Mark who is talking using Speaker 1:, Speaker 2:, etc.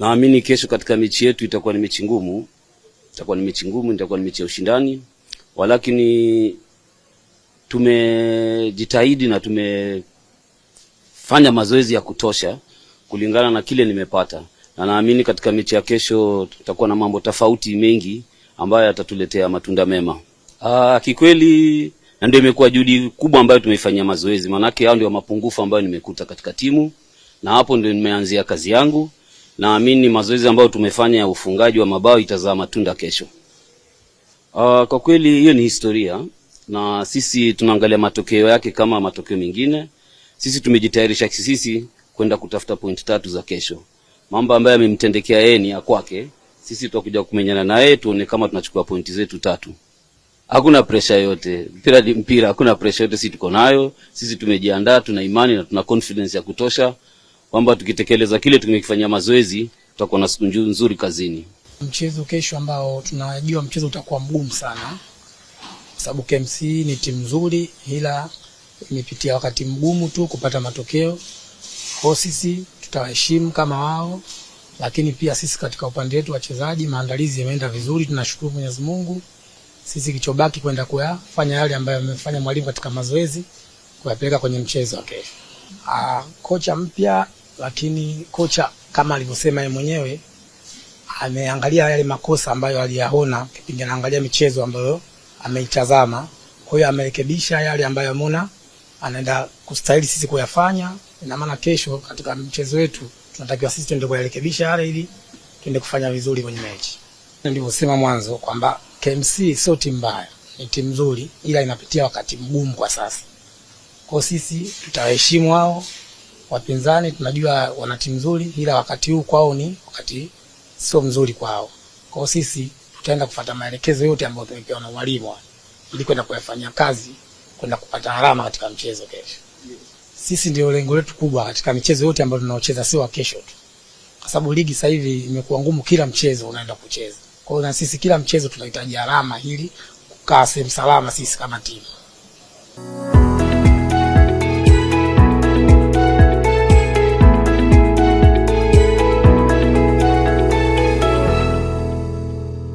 Speaker 1: Naamini kesho katika mechi yetu itakuwa ni mechi ngumu, itakuwa ni mechi ngumu, itakuwa ni mechi ya ushindani, walakini tumejitahidi na tumefanya mazoezi ya kutosha kulingana na kile nimepata, na naamini katika mechi ya kesho tutakuwa na mambo tofauti mengi ambayo yatatuletea matunda mema. Aa, ah, kikweli na ndio imekuwa juhudi kubwa ambayo tumeifanyia mazoezi, maanake hao ndio mapungufu ambayo nimekuta katika timu, na hapo ndio nimeanzia kazi yangu naamini mazoezi ambayo tumefanya ya ufungaji wa mabao itazaa matunda kesho. Uh, kwa kweli hiyo ni historia na sisi tunaangalia matokeo yake kama matokeo mengine. Sisi tumejitayarisha sisi kwenda kutafuta point tatu za kesho. Mambo ambayo yamemtendekea yeye ni ya kwake, sisi tutakuja kumenyana naye tuone kama tunachukua pointi zetu tatu. Hakuna presha yote, mpira ni mpira, hakuna presha yote. Sisi tuko nayo, sisi tumejiandaa, tuna imani na tuna confidence ya kutosha kwamba tukitekeleza kile tumekifanyia mazoezi tutakuwa na siku nzuri kazini.
Speaker 2: Mchezo kesho ambao tunajua mchezo utakuwa mgumu sana, kwa sababu KMC ni timu nzuri, ila imepitia wakati mgumu tu kupata matokeo. Kwa sisi tutawaheshimu kama wao, lakini pia sisi katika upande wetu wachezaji, maandalizi yameenda vizuri, tunashukuru Mwenyezi Mungu. Sisi kichobaki kwenda kuyafanya yale ambayo amefanya mwalimu katika mazoezi, kuyapeleka kwenye mchezo wa kesho. Ah, kocha mpya lakini kocha kama alivyosema yeye mwenyewe ameangalia yale makosa ambayo aliyaona kipindi anaangalia michezo ambayo ameitazama. Kwa hiyo amerekebisha yale ambayo ameona anaenda kustahili sisi kuyafanya. Ina maana kesho katika mchezo wetu tunatakiwa sisi tuende kuyarekebisha yale ili tuende kufanya vizuri kwenye mechi. Nilivyosema mwanzo kwamba KMC sio timu mbaya, ni timu nzuri, ila inapitia wakati mgumu kwa sasa. Kwa sisi tutawaheshimu wao Wapinzani tunajua wana timu nzuri, ila wakati huu kwao ni wakati sio mzuri kwao. Kwa sisi tutaenda kufuata maelekezo yote ambayo tumepewa na mwalimu ili kwenda kuyafanyia kazi, kwenda kupata alama katika mchezo kesho. Sisi ndio lengo letu kubwa katika michezo yote ambayo tunaocheza, sio kesho tu, kwa sababu ligi sasa hivi imekuwa ngumu, kila mchezo unaenda kucheza. Kwa hiyo na sisi kila mchezo tunahitaji alama ili kukaa sehemu salama sisi kama timu.